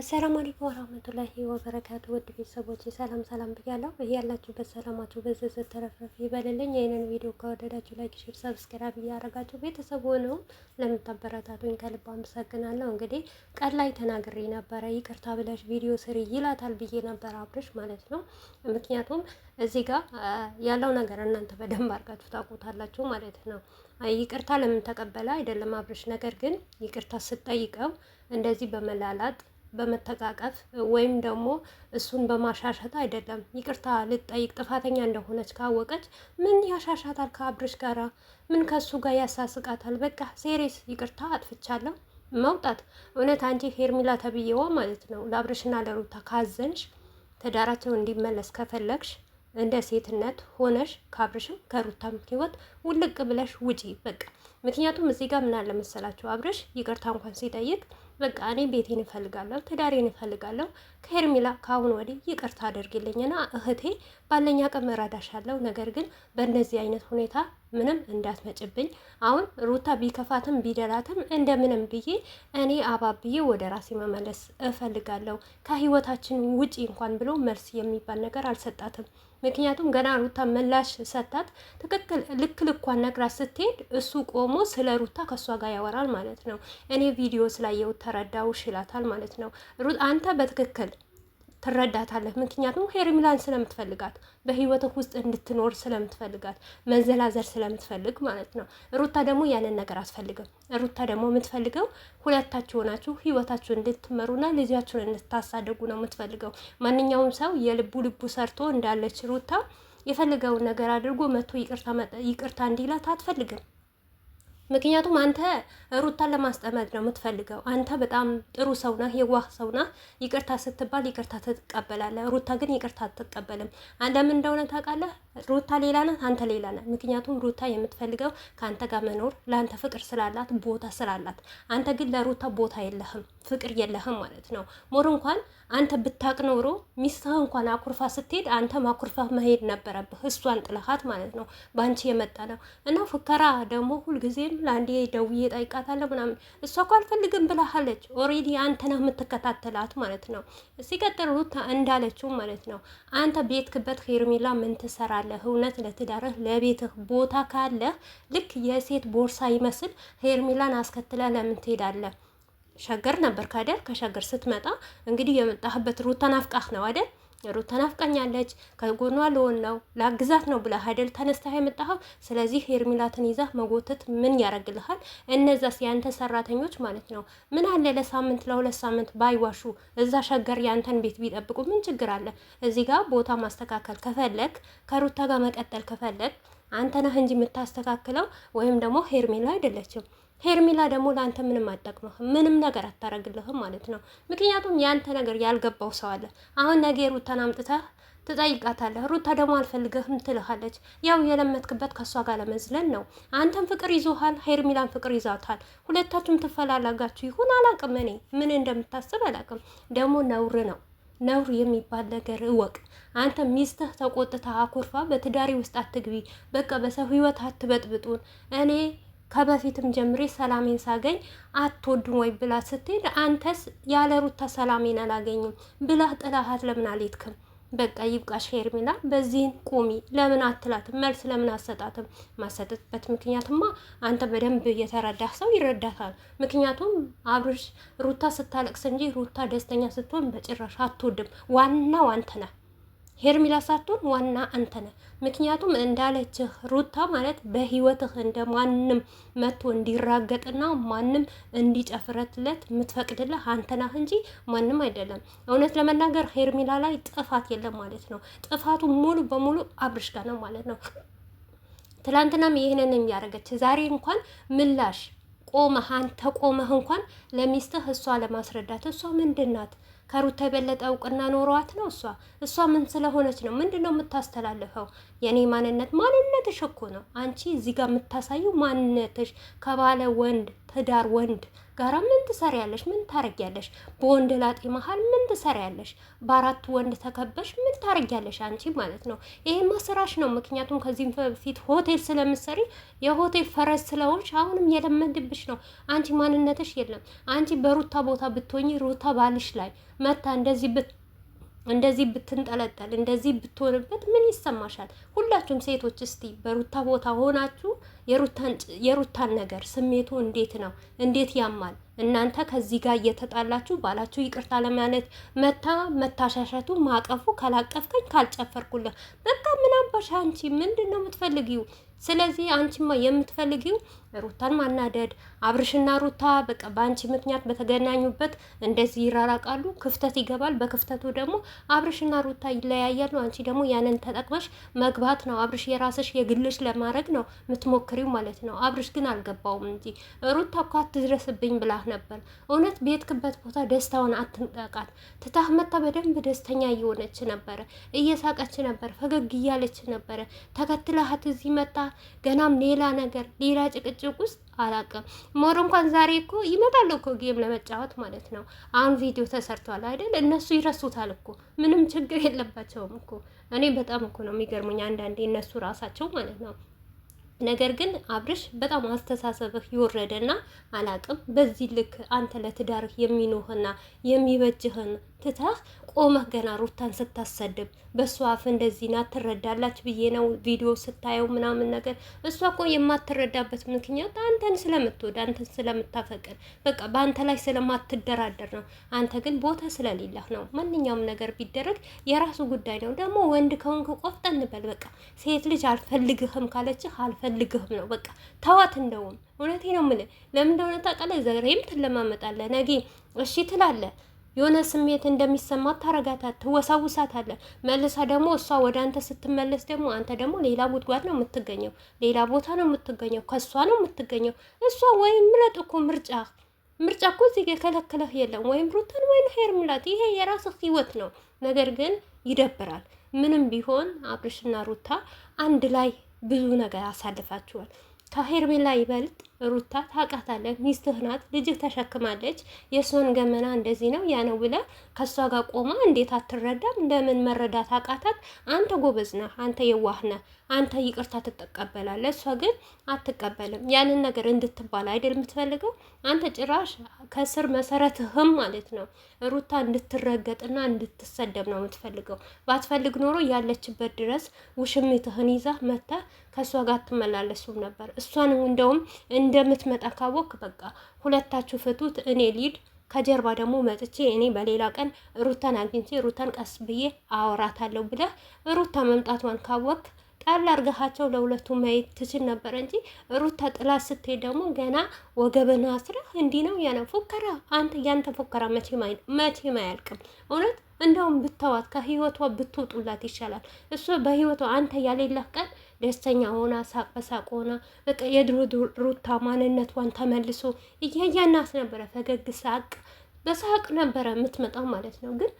አሰላሙ አለይኩም ወራህመቱላሂ ወበረካቱ። ውድ ቤተሰቦች ሰላም ሰላም ብያለሁ። ያላችሁበት ሰላማችሁ በዘዘ ተረፍረፍ ይበልልኝ። ይህንን ቪዲዮ ከወደዳችሁ ላይክ፣ ሼር፣ ሰብስክራይብ እያደረጋችሁ ቤተሰቡ ነው ለምታበረታቱኝ ከልብ አመሰግናለሁ። እንግዲህ ቀን ላይ ተናግሬ ነበረ። ይቅርታ ብለሽ ቪዲዮ ስር ይላታል ብዬ ነበር አብርሽ ማለት ነው። ምክንያቱም እዚህ ጋር ያለው ነገር እናንተ በደንብ አድርጋችሁ ታውቁታላችሁ ማለት ነው። ይቅርታ ለምን ተቀበለ አይደለም አብርሽ፣ ነገር ግን ይቅርታ ስጠይቀው እንደዚህ በመላላጥ በመተቃቀፍ ወይም ደግሞ እሱን በማሻሸት አይደለም። ይቅርታ ልጠይቅ ጥፋተኛ እንደሆነች ካወቀች ምን ያሻሻታል? ከአብርሽ ጋር ምን ከሱ ጋር ያሳስቃታል? በቃ ሴሬስ ይቅርታ አጥፍቻለሁ መውጣት። እውነት አንቺ ሄርሚላ ተብዬዋ ማለት ነው ለአብርሽና ለሩታ ካዘንሽ ትዳራቸው እንዲመለስ ከፈለግሽ እንደ ሴትነት ሆነሽ ከአብርሽም ከሩታም ህይወት ውልቅ ብለሽ ውጪ በቃ። ምክንያቱም እዚህ ጋር ምን አለ መሰላችሁ አብርሽ ይቅርታ እንኳን ሲጠይቅ በቃ እኔ ቤቴን እፈልጋለሁ፣ ትዳሬን እፈልጋለሁ። ከሄርሜላ ከአሁን ወዲህ ይቅርታ አድርግልኝና እህቴ ባለኛ አቅም አለው ነገር ግን በእንደዚህ አይነት ሁኔታ ምንም እንዳትመጭብኝ። አሁን ሩታ ቢከፋትም ቢደላትም እንደምንም ብዬ እኔ አባብዬ ወደ ራሴ መመለስ እፈልጋለሁ። ከህይወታችን ውጪ እንኳን ብሎ መልስ የሚባል ነገር አልሰጣትም። ምክንያቱም ገና ሩታ ምላሽ ሰታት ትክክል ልክ ልኳን ነግራ ስትሄድ እሱ ቆሞ ስለ ሩታ ከእሷ ጋር ያወራል ማለት ነው። እኔ ቪዲዮ ስላየው ተረዳው ይላታል ማለት ነው። አንተ በትክክል ትረዳታለህ። ምክንያቱም ሄርሚላን ስለምትፈልጋት በህይወትህ ውስጥ እንድትኖር ስለምትፈልጋት መዘላዘር ስለምትፈልግ ማለት ነው። ሩታ ደግሞ ያንን ነገር አትፈልግም። ሩታ ደግሞ የምትፈልገው ሁለታችሁ ሆናችሁ ህይወታችሁ እንድትመሩና ልጃችሁን እንድታሳደጉ ነው የምትፈልገው። ማንኛውም ሰው የልቡ ልቡ ሰርቶ እንዳለች ሩታ የፈለገውን ነገር አድርጎ መቶ ይቅርታ እንዲላት አትፈልግም። ምክንያቱም አንተ ሩታን ለማስጠመድ ነው የምትፈልገው። አንተ በጣም ጥሩ ሰው ነህ፣ የዋህ ሰው ነህ። ይቅርታ ስትባል ይቅርታ ትቀበላለህ። ሩታ ግን ይቅርታ አትቀበልም። ለምን እንደሆነ ታውቃለህ? ሩታ ሌላ ናት፣ አንተ ሌላ ነህ። ምክንያቱም ሩታ የምትፈልገው ከአንተ ጋር መኖር፣ ለአንተ ፍቅር ስላላት፣ ቦታ ስላላት፣ አንተ ግን ለሩታ ቦታ የለህም፣ ፍቅር የለህም ማለት ነው። ሞር እንኳን አንተ ብታቅ ኖሮ ሚስትህ እንኳን አኩርፋ ስትሄድ አንተ ማኩርፋ መሄድ ነበረብህ፣ እሷን ጥለሃት ማለት ነው። በአንቺ የመጣ ነው እና ፉከራ ደግሞ ሁልጊዜም አይደል ደውዬ ጠይቃታለሁ ምናምን እሷ እኮ አልፈልግም ብላሃለች። ኦሬዲ አንተ ነህ የምትከታተላት ማለት ነው። ሲቀጥል ሩታ እንዳለችው ማለት ነው አንተ ቤት ክበት ሄርሜላ ምን ትሰራለህ? እውነት ለትዳርህ ለቤትህ ቦታ ካለህ ልክ የሴት ቦርሳ ይመስል ሄርሜላን አስከትለ ለምን ትሄዳለህ? ሸገር ነበር ካደር ከሸገር ስትመጣ እንግዲህ የመጣህበት ሩታ ናፍቃህ ነው አይደል? ሩት ተናፍቀኛለች ከጎኗ ልሆን ነው ላግዛት ነው ብለህ አይደል ተነስተህ የመጣኸው? ስለዚህ ሄርሚላትን ይዛ መጎተት ምን ያደርግልሃል? እነዛስ ያንተ ሰራተኞች ማለት ነው። ምን አለ ለሳምንት ለሁለት ሳምንት ባይዋሹ እዛ ሸገር ያንተን ቤት ቢጠብቁ ምን ችግር አለ? እዚህ ጋር ቦታ ማስተካከል ከፈለግ ከሩታ ጋር መቀጠል ከፈለግ አንተ ነህ እንጂ የምታስተካክለው ወይም ደግሞ ሄርሜላ አይደለችም። ሄርሜላ ደግሞ ለአንተ ምንም አጠቅመህም፣ ምንም ነገር አታረግልህም ማለት ነው። ምክንያቱም ያንተ ነገር ያልገባው ሰው አለ። አሁን ነገ ሩታን አምጥተህ ትጠይቃታለህ። ሩታ ደግሞ አልፈልግህም ትልሃለች። ያው የለመትክበት ከእሷ ጋር ለመዝለን ነው። አንተም ፍቅር ይዞሃል፣ ሄርሚላን ፍቅር ይዛታል። ሁለታችሁም ትፈላላጋችሁ ይሁን አላቅም። እኔ ምን እንደምታስብ አላቅም። ደግሞ ነውር ነው ነውር የሚባል ነገር እወቅ። አንተ ሚስትህ ተቆጥታ አኩርፋ በትዳሪ ውስጥ አትግቢ፣ በቃ በሰው ህይወት አትበጥብጡን። እኔ ከበፊትም ጀምሬ ሰላሜን ሳገኝ አትወዱም ወይ ብላ ስትሄድ፣ አንተስ ያለ ሩታ ሰላሜን አላገኝም ብላህ ጥላሃት ለምን አልሄድክም? በቃ ይብቃሽ ሄርሜላ፣ በዚህን ቁሚ ለምን አትላትም? መልስ ለምን አሰጣትም? ማሰጠጥበት ምክንያትማ አንተ በደንብ የተረዳህ ሰው ይረዳታል። ምክንያቱም አብርሽ ሩታ ስታለቅስ እንጂ ሩታ ደስተኛ ስትሆን በጭራሽ አትወድም። ዋናው አንተ ነህ። ሄርሚላ ሳትሆን ዋና አንተ ነህ። ምክንያቱም እንዳለችህ ሩታ ማለት በህይወትህ እንደ ማንም መጥቶ እንዲራገጥና ማንም እንዲጨፍረትለት የምትፈቅድልህ አንተ ናህ እንጂ ማንም አይደለም። እውነት ለመናገር ሄርሚላ ላይ ጥፋት የለም ማለት ነው። ጥፋቱ ሙሉ በሙሉ አብርሽ ጋር ነው ማለት ነው። ትላንትናም ይህንን የሚያደርገች ዛሬ እንኳን ምላሽ ቆመህ አንተ ቆመህ እንኳን ለሚስትህ እሷ ለማስረዳት እሷ ምንድን ናት ከሩታ የበለጠ እውቅና ኖሯት ነው እሷ እሷ ምን ስለሆነች ነው ምንድን ነው የምታስተላልፈው የእኔ ማንነት ማንነትሽ እኮ ነው። አንቺ እዚህ ጋር የምታሳየው ማንነትሽ ከባለ ወንድ ትዳር ወንድ ጋራ ምን ትሰሪያለሽ? ምን ታረጊያለሽ? በወንድ ላጤ መሀል ምን ትሰሪያለሽ? በአራቱ ወንድ ተከበሽ ምን ታረጊያለሽ? አንቺ ማለት ነው። ይሄማ ስራሽ ነው። ምክንያቱም ከዚህም በፊት ሆቴል ስለምሰሪ የሆቴል ፈረስ ስለሆንሽ አሁንም የለመድብሽ ነው። አንቺ ማንነትሽ የለም። አንቺ በሩታ ቦታ ብትሆኚ ሩታ ባልሽ ላይ መታ እንደዚህ እንደዚህ ብትንጠለጠል እንደዚህ ብትሆንበት ምን ይሰማሻል? ሁላችሁም ሴቶች እስቲ በሩታ ቦታ ሆናችሁ የሩታን ነገር ስሜቱ እንዴት ነው? እንዴት ያማል? እናንተ ከዚህ ጋር እየተጣላችሁ ባላችሁ ይቅርታ ለማለት መታ መታሻሸቱ ማቀፉ ካላቀፍከኝ ካልጨፈርኩልህ በቃ ምን አባሻ አንቺ ምንድን ነው የምትፈልጊው? ስለዚህ አንቺማ የምትፈልጊው ሩታን ማናደድ፣ አብርሽና ሩታ በቃ በአንቺ ምክንያት በተገናኙበት እንደዚህ ይራራቃሉ፣ ክፍተት ይገባል። በክፍተቱ ደግሞ አብርሽና ሩታ ይለያያሉ። አንቺ ደግሞ ያንን ተጠቅመሽ መግባት ነው፣ አብርሽ የራስሽ የግልሽ ለማድረግ ነው የምትሞክሪው ማለት ነው። አብርሽ ግን አልገባውም እንጂ ሩታ እኮ አትድረስብኝ ብላህ ነበር። እውነት በሄድክበት ቦታ ደስታውን አትንጠቃት። ትታህ መታ በደንብ ደስተኛ እየሆነች ነበረ፣ እየሳቀች ነበር፣ ፈገግ እያለች ነበረ። ተከትለሃት እዚህ መጣ ገናም ሌላ ነገር ሌላ ጭቅጭቅ ውስጥ አላቅም። ሞር እንኳን ዛሬ እኮ ይመጣል እኮ ጌም ለመጫወት ማለት ነው። አሁን ቪዲዮ ተሰርቷል አይደል? እነሱ ይረሱታል እኮ ምንም ችግር የለባቸውም እኮ። እኔ በጣም እኮ ነው የሚገርሙኝ አንዳንዴ እነሱ ራሳቸው ማለት ነው። ነገር ግን አብርሽ በጣም አስተሳሰብህ የወረደና አላቅም በዚህ ልክ አንተ ለትዳርህ የሚኖህና የሚበጅህን ትተህ ቆመህ ገና ሩታን ስታሰድብ በእሷ አፍ እንደዚህ ናት ትረዳላች ብዬ ነው ቪዲዮ ስታየው ምናምን ነገር። እሷ እኮ የማትረዳበት ምክንያት አንተን ስለምትወድ አንተን ስለምታፈቅር በቃ በአንተ ላይ ስለማትደራደር ነው። አንተ ግን ቦታ ስለሌለህ ነው። ማንኛውም ነገር ቢደረግ የራሱ ጉዳይ ነው። ደግሞ ወንድ ከሆንክ ቆፍጠን በል በቃ ሴት ልጅ አልፈልግህም ካለችህ አልፈ ፈልገህም ነው። በቃ ተዋት። እንደውም እውነቴ ነው የምልህ። ለምን እንደሆነ ታውቃለህ? ዛሬም ትለማመጣለህ፣ ነገ እሺ ትላለህ። የሆነ ስሜት እንደሚሰማ ታረጋታ ታረጋታት፣ አለ መልሳ ደግሞ እሷ ወደ አንተ ስትመለስ ደግሞ አንተ ደግሞ ሌላ ጉድጓድ ነው የምትገኘው፣ ሌላ ቦታ ነው የምትገኘው፣ ከእሷ ነው የምትገኘው። እሷ ወይም ምረጥ እኮ ምርጫ ምርጫ እኮ እዚህ የከለከለህ የለም። ወይም ሩታን ወይም ሄርሜላት፣ ይሄ የራስህ ህይወት ነው። ነገር ግን ይደብራል። ምንም ቢሆን አብርሽና ሩታ አንድ ላይ ብዙ ነገር አሳልፋችኋል። ከሄርሜላ ይበልጥ ሩታ ታውቃታለህ፣ ሚስትህ ናት፣ ልጅህ ተሸክማለች፣ የእሷን ገመና እንደዚህ ነው ያ ነው ብለህ ከእሷ ጋር ቆማ እንዴት አትረዳም? እንደምን መረዳት አቃታት? አንተ ጎበዝ ነህ፣ አንተ የዋህ ነህ፣ አንተ ይቅርታ ትቀበላለህ፣ እሷ ግን አትቀበልም። ያንን ነገር እንድትባል አይደል የምትፈልገው? አንተ ጭራሽ ከስር መሰረትህም ማለት ነው ሩታ እንድትረገጥና እንድትሰደብ ነው የምትፈልገው። ባትፈልግ ኖሮ ያለችበት ድረስ ውሽሚትህን ይዛ መጥተህ ከእሷ ጋር አትመላለሱም ነበር። እሷን እንደውም እንደምትመጣ ካወቅ በቃ ሁለታችሁ ፍቱት፣ እኔ ሊድ ከጀርባ ደግሞ መጥቼ እኔ በሌላ ቀን ሩታን አግኝቼ ሩታን ቀስ ብዬ አወራታለሁ ብለህ ሩታ መምጣቷን ካወቅ ጣል አርገሃቸው ለሁለቱ ማየት ትችል ነበር እንጂ ሩታ ጥላ ስትሄድ ደግሞ ገና ወገብን አስረህ እንዲህ ነው ያለ ፉከራ። አንተ ያንተ ፉከራ መቼም አያልቅም። እውነት እንደውም ብተዋት ከህይወቷ ብትወጡላት ይሻላል። እሱ በህይወቷ አንተ ያሌለህ ቀን ደስተኛ ሆና ሳቅ በሳቅ ሆና በቃ የድሮ ሩታ ማንነቷን ተመልሶ እያያናት ነበረ። ፈገግ ሳቅ በሳቅ ነበረ የምትመጣው ማለት ነው ግን